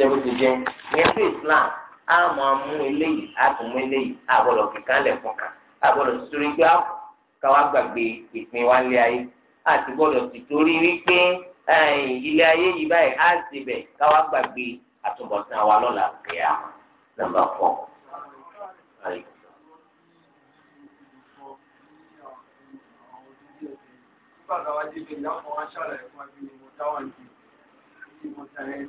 jẹ́ bó ti jẹ́ yẹn fún Islam a máa mú eléyìí á tún mú eléyìí á gbọ́dọ̀ kíkan lẹ̀ fún kan á gbọ́dọ̀ sórí gbé àpò káwá gbàgbé ìpín wa lé ayé á ti gbọ́dọ̀ ti torí wípé ilé ayé yìí báyìí a ti bẹ̀ káwá gbàgbé àtúbọ̀tán wa lọ́la kẹ́yà nàmbà fọ́. Nígbà táwa dé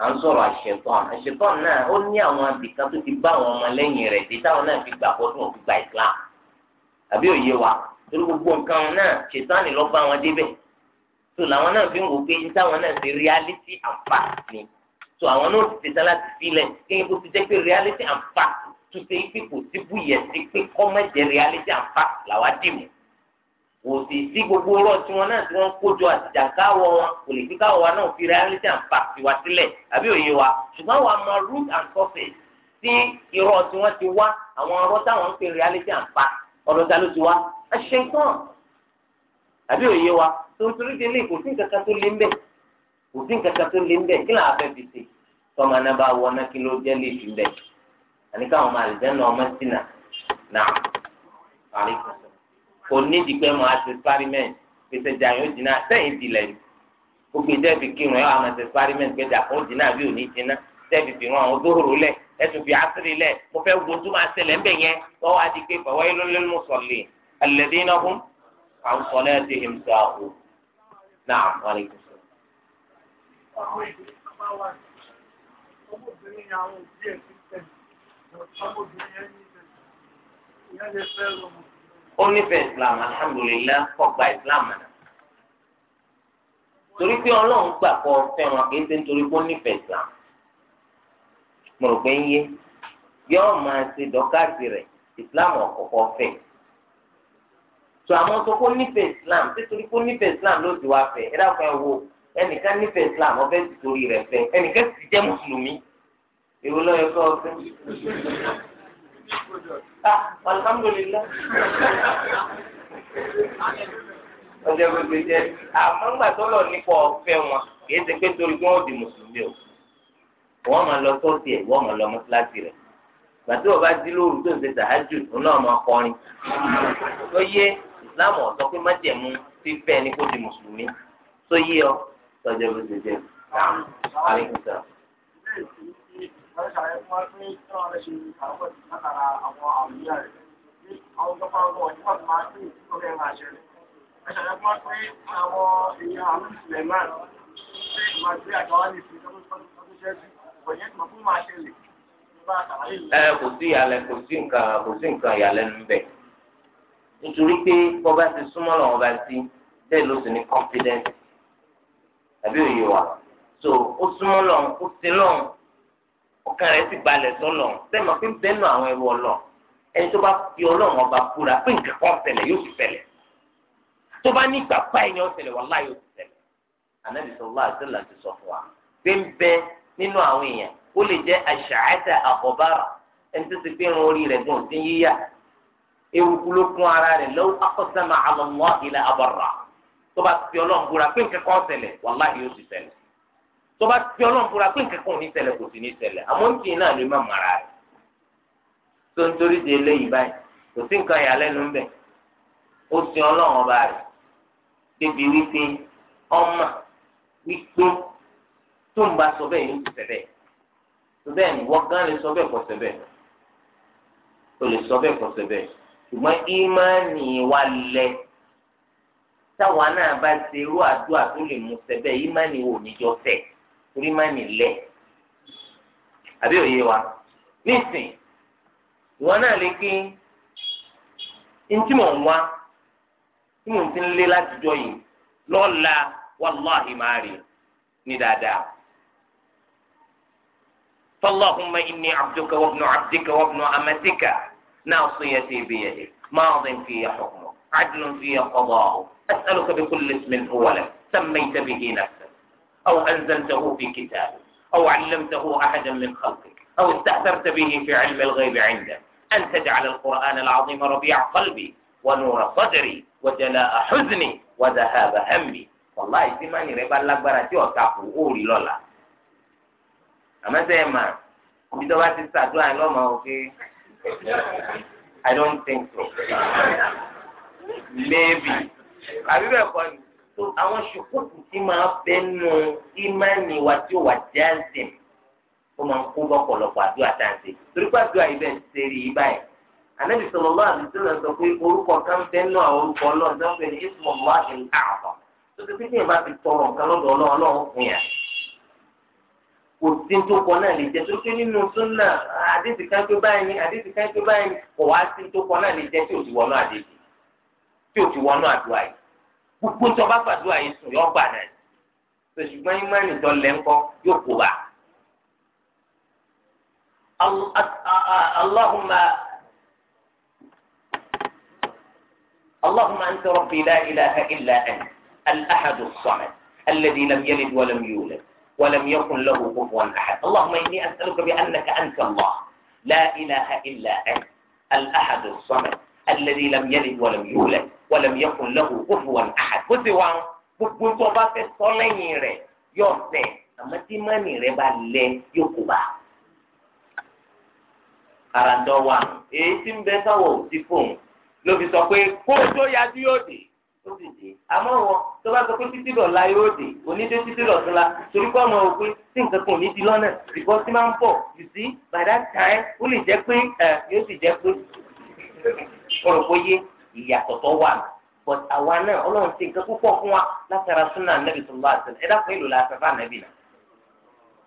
à ń sọ̀rọ̀ àṣetán àṣetán náà ó ní àwọn abìkan tó ti bá àwọn ọmọlẹ́yìn rẹ̀ dé táwọn náà fi gbà bọ́dún òfin gba Islam àbí òye wa torí gbogbo nǹkan náà ṣetán ni lọ́ọ́ bá wọn débẹ̀ tó làwọn náà fi ń wò pé táwọn náà ti reality and fact ni tó àwọn náà ti ṣetán láti sílẹ̀ kéyìn bó ti jẹ́ pé reality and fact tó ṣe é pé kò yẹ sí pé kọ́mẹ́jẹ reality and fact làwa dì mú kò sì sí gbogbo ọ̀rọ̀ tí wọn náà tí wọn kójọ àtìjà káwọ wọn kò lè fi káwọ wa náà fi reality and fact wa sílẹ̀ àbí òye wa wa mọ root and surface tí irọ́ tí awọn ti wá àwọn táwọn ń pè reality and fact ta ló ti wá ẹ nǹkan àbí òye wa tontoni délé kò sí nǹkan kan tó lé kò sí nǹkan kan tó lé kí fi ṣe tọ́mọ náà bá wọ kí ló jẹ́ lè fi àníkàwọn ọmọ àlùjẹ́ náà ọmọ sínà náà kò nídìí pé mo àti experiment pèsè jà yóò dínà sẹ́yìn tilẹ̀ ni gbogbo ìjẹ́ fi kírun ẹ̀ àmọ̀ àti experiment pé jà kò dínà bí ò ní dínà sẹ́ẹ̀fì fi ràn án lẹ̀ ẹ̀sùn fi àṣírí lẹ̀ mo fẹ́ gbójú máa ṣẹlẹ̀ ń bẹ̀ yẹn wọ́n wá di pé fọwọ́ yẹn ló mú sọ̀lẹ̀ lè kúṣọ. ọmọbìnrin ni àwọn ti tẹ̀ ọmọbìnrin yẹn ní ìyá lè fẹ́ lọ́mọ ó nífẹ̀ẹ́ islam alhamdulilah kọgbà islam náà torí pé ọlọ́run gbà kọ fẹ́ wọn kì í ṣe nítorí pé ó nífẹ̀ẹ́ islam mo rò pé ń yé yọ́ọ́ máa ṣe dọ́kàtì rẹ̀ islam ọ̀kọ̀ọ̀kọ̀ fẹ́ tó àwọn tó kó nífẹ̀ẹ́ islam títorí kó nífẹ̀ẹ́ islam ló ti wá fẹ́ ẹ dákun ẹ wo ẹnìkan nífẹ̀ẹ́ islam ọ̀fẹ́ ti torí rẹ̀ fẹ́ ẹnìkan ti jẹ́ mùsùlùmí èwo lọ́yọ̀ kọ́ ọ fẹ́ Ah, alhamdulillah. ọjọ́ gbogbo jẹ́ àmọ́ ńgbà tó lọ nípa ọ̀fẹ́ wọn kì í ṣe pé torí wọn ò di mùsùlùmí o wọ́n máa lọ sọ́ọ̀sì ẹ̀ wọ́n máa lọ mọ́sálásí rẹ̀ gbàtí wọ́n bá dí lóru tó ń ṣe tàájù òun náà máa kọrin tó yé islam ọ̀sọ́ pé má jẹ̀mú ti fẹ́ ni kó di mùsùlùmí tó yé ọ tọ́jú ẹ̀ bó ṣe jẹ́ 而且还说最重要的是还会那个啊，我熬夜的，你熬个包括你干嘛去做点那些的，而且还说最啊我你啊我们来嘛，最嘛最啊搞你是怎么怎么怎么些，我也么不嘛些的。ẹ kò sí ìyàlẹ kò sí nǹkan kò sí nǹkan ìyàlẹ́nu bẹ nítorí pé bọba ti súnmọ́ lọ́wọ́ bá ti bẹ́ẹ̀ ló sì ní confidence àbí òye wa so ó súnmọ́ lọ́wọ́ ó ti lọ́wọ́ ọkàn rẹ̀ sì balẹ̀ sọ́lọ̀ sẹ́mi fi ń bẹ́nu àwọn ẹrù ọlọ́ ẹni tó bá fi ọlọ́run ọba búra pé nǹkan kan ṣẹlẹ̀ yóò ti ṣẹlẹ̀ tó bá ní ìgbà báyìí ni ó ṣẹlẹ̀ wàhálà yóò ti ṣẹlẹ̀ anabi sọlá àtẹlẹ ti sọ fún wa pé ń bẹ nínú àwọn èèyàn ó lè jẹ àṣàáta àkọbára ẹni tó ti gbẹrun orí rẹ̀ gùn sí yíyá eruku ló kún ara rẹ̀ lọ́wọ́ akọ́sẹ́mà àlọ́mọ́ ilẹ̀ àbọ̀rà tó bá fi ọlọ́run búra pé nǹkan kan ṣẹlẹ̀ wàhálà yóò ti ṣẹlẹ̀ tó bá ti ọlọ́run fúnra pé nǹkan kan ò ní ṣẹlẹ̀ kò sì ní ṣẹlẹ̀ àmọ́ ń tìyìn náà ló má mara rẹ̀ tó ń torí de eléyìí báyìí kò sí nǹkan ìyàlẹ́nu ńbẹ̀ ó sin ọlọ́run ọba rẹ̀ débi wípé ọmọ wípé tó ń bá sọ bẹ́ẹ̀ yóò ti ṣẹlẹ̀ tó bẹ́ẹ̀ ni wọ́n gán lè sọ bẹ́ẹ̀ kọ́ sẹ́bẹ̀ o lè sọ bẹ́ẹ̀ kọ́ sẹ́bẹ̀ ṣùgbọ́n ìmánì wa lẹ táwa náà bá ṣe irú àdúrà tó lè mú sẹ́bẹ̀ ìmánì wo níjọ́ sẹ́ẹ̀. torí má nì lẹ àbí òye wa nísìn ìwọ náà lè pé ntí mò ń wá tí mò ń ti ń lé látijọ́ yìí lọ́la wàláhì máa rí ní dáadáa. فاللهم إني عبدك وابن عبدك وابن أمتك ناصيتي بيدك ماض في حكمك عدل في قضاؤك أسألك بكل اسم هو لك سميت به نفسك أو أنزلته في كتاب أو علمته أحدا من خلقك أو استأثرت به في علم الغيب عندك أن تجعل القرآن العظيم ربيع قلبي ونور صدري وجلاء حزني وذهاب همي والله ìsìmánì rẹ bá lágbára ربا rí lọ́la àmọ́ sẹ́yìn mà bí tó bá ti ṣàdúrà lola amo ما ma bi to ba I don't think so maybe àbí bẹ́ẹ̀ kọ́ àwọn ṣùkúùkù tí máa bẹ nù ìmánì wa tí ó wà jáàzìm ó máa ń kó bọ́pọ̀lọpọ̀ àdúrà táǹtì torí pé àdúrà yìí bẹ́ẹ̀ ń sẹ́rí yìí báyìí ànábì sọlọ́lá àdúrà sọ pé orúkọ kan bẹ nù àwọn orúkọ ọlọ́run tó ń pè ní ismọ̀ wá ìlú àwọ̀ tó ti pínpín ìbá fi tọrọ nǹkan lọ́dọ̀ ọlọ́run fún yà kò sí tó kọ náà lè jẹ tó pé nínú súnà àdéhùn kan tó báyìí ni àdéhùn kan tó báyìí ni kò wá sí tó kọ náà lè jẹ tí ò ti wọnú àdéhùn tí ò ti wọnú àdúrà yìí gbogbo tó bá gbàdúrà yìí sùn yọ gbà náà ṣùgbọ́n imáni tó lẹ́ ńkọ́ yóò kó bá. اللهم اللهم أنت ربي لا إله إلا أنت الأحد الصمد الذي لم يلد ولم يولد ولم يكن له كفوا أحد اللهم إني أسألك بأنك أنت الله لا إله إلا أنت الأحد الصمد الذي لم يلد ولم يولد walam yakun lahu kufuwan ahad bó ti wà ń gbogbo tó bá fẹ́ sọ lẹ́yìn rẹ̀ yóò fẹ́ àmọ́ tí mọ́nì rẹ̀ bá lẹ yóò kó bá. àràǹdọ̀ wà èyí tí ń bẹ sáwọ̀ òsì fóun ló fi sọ pé kó o tó yájú yóò dé ó sì dé àmọ́ wọn tó bá sọ pé títí dọ̀la yóò dé onídé títí dọ̀túnla torí pé ọmọ òkú tí nǹkan kan ò ní di lọ́nà ìbọn tí máa ń bọ̀ you by that time ó lè jẹ́ pé yóò sì jẹ́ pé ọ̀rọ̀ kò yé ìyàtọ̀ tó wà ní but àwa náà ọlọ́run ti nǹkan púpọ̀ fún wa látara súnà nàbì tó lọ́wọ́ àtẹ̀lẹ́ ẹ̀dá kan èlò lásán fún ànàbì náà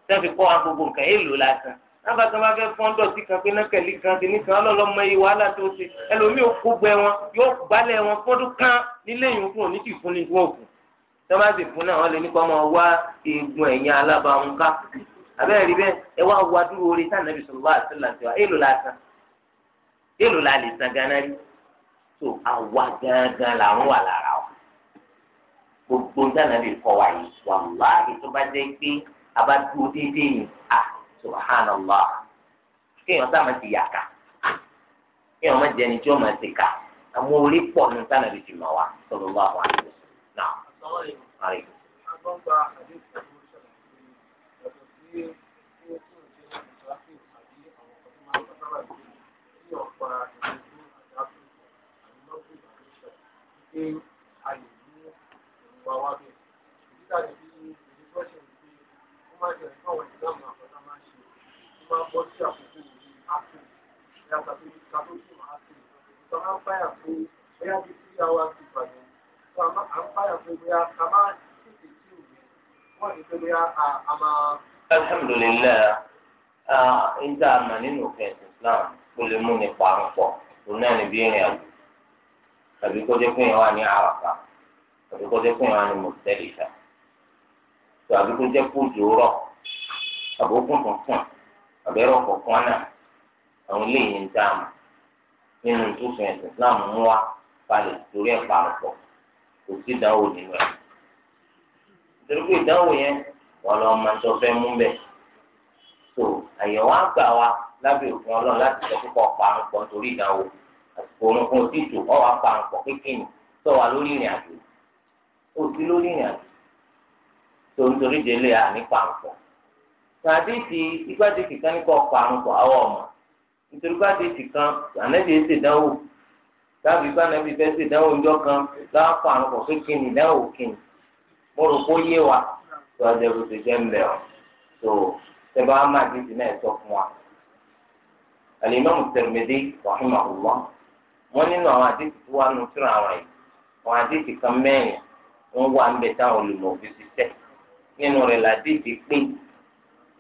sẹ́fì kọ́ wa gbogbo nǹkan èlò lásán náà tó bá fẹ́ fọ́n dọ̀tí kan pé náà kẹ̀lé kan kìíní kan ọlọ́lọ́mọ yìí wàhálà tó ṣe ẹlòmíì ò kó gbẹ wọn yóò gbálẹ̀ wọn fọ́dún kan nílé yìí fún òní tìfún ní wọn òkú tó bá sì fún náà wọn lè nípa ọmọ wa eegun ẹ̀yìn alábàáhùn ká abẹ́rẹ́ rí bẹ́ẹ̀ ẹ wá wá dúró orí sáà nàbì sọ̀rọ̀ wá àti sọ̀rọ̀ àti wa tó àwa gangan làwọn wà lára o gbogbo dáná lè kọ wa yìí wàláhì tó bá jẹ́ pé a bá dúró déédéé yìí à subhanallah kéèyàn sáà máa ti yàkà kéèyàn máa jẹ ẹni tí ó máa ti kà àwọn orí pọ̀ ní sáà lè ti mọ̀ wá sọ̀rọ̀ wá wà ní náà. pé a lè mú ìwà wa bẹ̀. Èyí tàbí bí èyí tó ṣe wípé ó máa jẹ́ ẹ̀kọ́ àwọn ìdáàmú àkọ́tà máa ṣe ó máa bọ́ sí àkókò ní ápù ẹ̀yà tàbí kàtókì máa ṣe ìtọ́ máa ń báyà pé bóyá bí sí àwọn àti ìbàdàn tó à ń báyà pé bóyá a máa tètè sí òwe wọ́n ní pé bóyá a máa. alhamdulilayi n ta àmà nínú òfin islam kò lè mú ní parun pọ̀ òun náà ní bí ìrìn àjò tàbí kó jẹ́ pé wọ́n á ní àràfà tàbí kó jẹ́ pé wọ́n á ní mọ̀tẹ́lìfà tàbí kó jẹ́ kó jòórọ̀ àbókùn tuntun àbẹ̀rọ̀ kọ̀ọ̀kan náà àwọn eléyìí ń dáàmú nínú ìtúsùn ẹ̀sìn Islam mú wa balẹ̀ torí ẹ̀ parapọ̀ kò sí ìdánwò nínú ẹ̀. nítorí pé ìdánwò yẹn wọn lọ máa sọ fẹ́ mú bẹ́ẹ̀ tó àyẹ̀wò àgbà wa lábẹ́ òfin ọlọ́run láti sọ púpọ̀ parapọ̀ torí ìdánwò òun kò tí tù ọ wà pa nǹkan kékeré tó wà lórí ìrìn àjò ó sí lórí ìrìn àjò tó nítorí délé à nípa nǹkan tàbí ti igbádejì kan nípa ọ̀pọ̀ àrùnkọ̀ àwọn ọmọ nítorí igbádejì kan ànábì ń ṣèdánwò dábì bá ànábì fẹ́ ńjọ́ kan láàpọ̀ àrùnkọ̀ kékeré ìdánwò kìnnì mo rò kó yé wa tó ọjọ́ ìbùsùn jẹ́ ń bẹ̀ ọ́ tó tẹ́bà á má àdéjì náà sọ fún wa. al wọ́n nínú àwọn àdéhùn tó wà nù síra àwọn yìí àwọn àdéhùn kan mẹ́rin wọ́n wà ń bẹ táwọn olùmọ̀ òfin ti tẹ̀ nínú rẹ̀ làdéhùn pé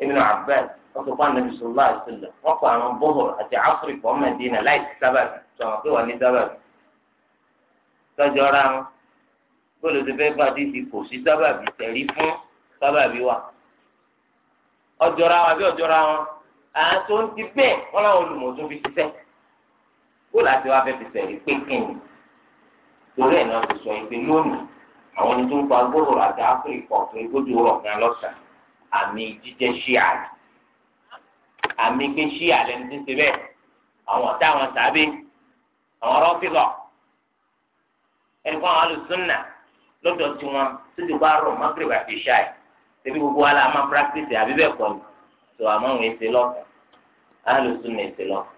Ibn Abbas wọ́n sọ fún anabi sọlá àṣìlẹ̀ wọ́n kọ àwọn bọ́ọ̀rù àti áfíríkà ọmọ ìdínà láì sábàbí sọ̀rọ̀ pé wọ́n ní sábàbí tọ́jọ́ ra wọn bóòlù tó fẹ́ bá dídì kò sí sábàbí tẹ̀rí fún sábàbí wa ọjọ́ ra wọn àbí ọjọ́ ra wọn àtúntì bẹ́ẹ̀ wọ́n láwọn olùmọ̀ tó fi ṣiṣẹ́ kó láti wá fẹ́ fi sẹ̀rí pé kíni torí ẹ̀ náà ti sọ ìpè lónìí àwọn ẹni tó ń pa gbòòrò àti áfíríkà ọ̀tún igbódò rọ̀ gan lọ́sàn àmì jíjẹ́ ṣíà àmì pé ṣíà lẹni tí ń ṣe bẹ́ẹ̀ àwọn ọ̀tá àwọn tàbí àwọn rọ́fìlọ̀ ẹ̀fọn àwọn alùsùnà lọ́dọ̀ tí wọn tó ti bá rọ̀ mákìrìbà fi ṣáì tẹbi gbogbo wa la máa practice àbí bẹ́ẹ̀ kọ́ tó àmọ́ òun èsè lọ́kàn alùsùnà èsè lọ́kàn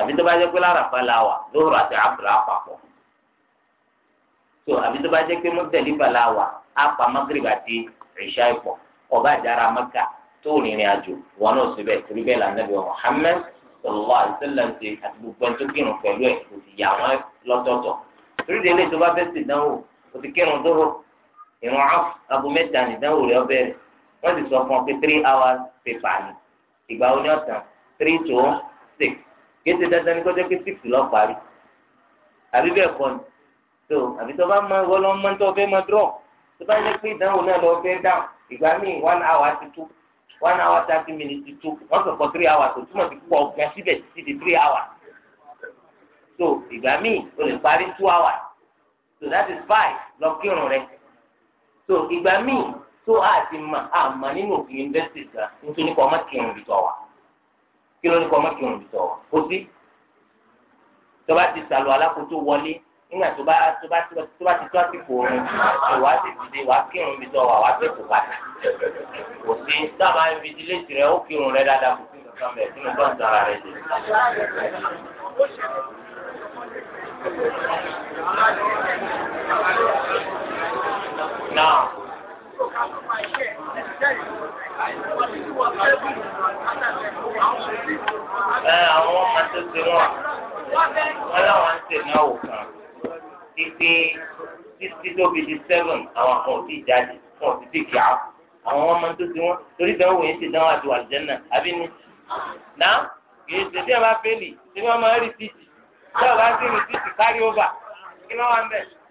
àfi tó bá jẹ́ pé láràfà la wà lóhùrọ̀ àti àbùrà àpapọ̀ tó àfi tó bá jẹ́ pé mọ́tẹ́lífà la wà àpà magrib àti ìṣá ìpọ̀ ọba àjára mẹ́ka tó rìnrìn àjò wọn náà síbẹ̀ torí bẹ́ẹ̀ là nàbẹ̀ Muhammad sallallahu alaihi wasallam ṣe àti gbogbo ẹni tó kírun pẹ̀lú ẹ̀ kò sì yà wọ́n lọ́tọ̀ọ̀tọ̀ torí de ilé tó bá fẹ́ ṣèdánwò kò sì kírun dúró ìrun aago mẹ́ta nìdánwò rẹ̀ ọbẹ̀ rẹ̀ sì sọ fún ọ pé three hours paper ni ìgbà wo three to six kìí ṣe ni ní kọjá pé six lọ parí àbí bẹ́ẹ̀ kọ́ ni so àbí tó bá máa wọ́n lọ mọ́ tó fẹ́ máa drọ̀ tó bá yẹ pé ìdánwò náà lọ fẹ́ dá ìgbà míì one hour ti tó one hour thirty minutes ti tó wọ́n sọ pé three hours kò túmọ̀ sí púpọ̀ ọ̀gbìn síbẹ̀ títí di three hours so ìgbà míì o lè parí two hours so that is five lọ kírun rẹ so ìgbà míì tó a ti mọ̀ a mọ̀ nínú òfin university gan nítorí kọ́ ọmọ kírun bí tọ́ wa kí ló ní kọ́ mọ́kìrún sọ kó sí tó bá ti sàlù alákòótó wọlé nígbà tó bá tó bá tó bá ti tó àsìkò òun ìwà ti dìde ìwà kírun mi sọ wà wá sí ìkópa kò sí sábà ń fi ilé tirẹ̀ ó kírun rẹ dáadáa kò sí nǹkan bẹ́ẹ̀ sínú bọ́ọ̀sì ara rẹ jẹ. Now ẹ àwọn ọmọ tó ti wọn wọn làwọn ń tẹ̀ náà wò kàn pípé títí tó fi di seven àwọn kan ò tí ì jáde wọn ò ti ti kí àwọn àwọn ọmọ tó ti wọn torí bẹ́ẹ̀ wò yín ti dáhùn àti wàlìjẹ́nà àbí ni nà kì í ṣe tí a bá fẹ́lì tí wọ́n máa rí títì tí a bá sí rí títì kárí ó bà kí ló wà ń bẹ̀.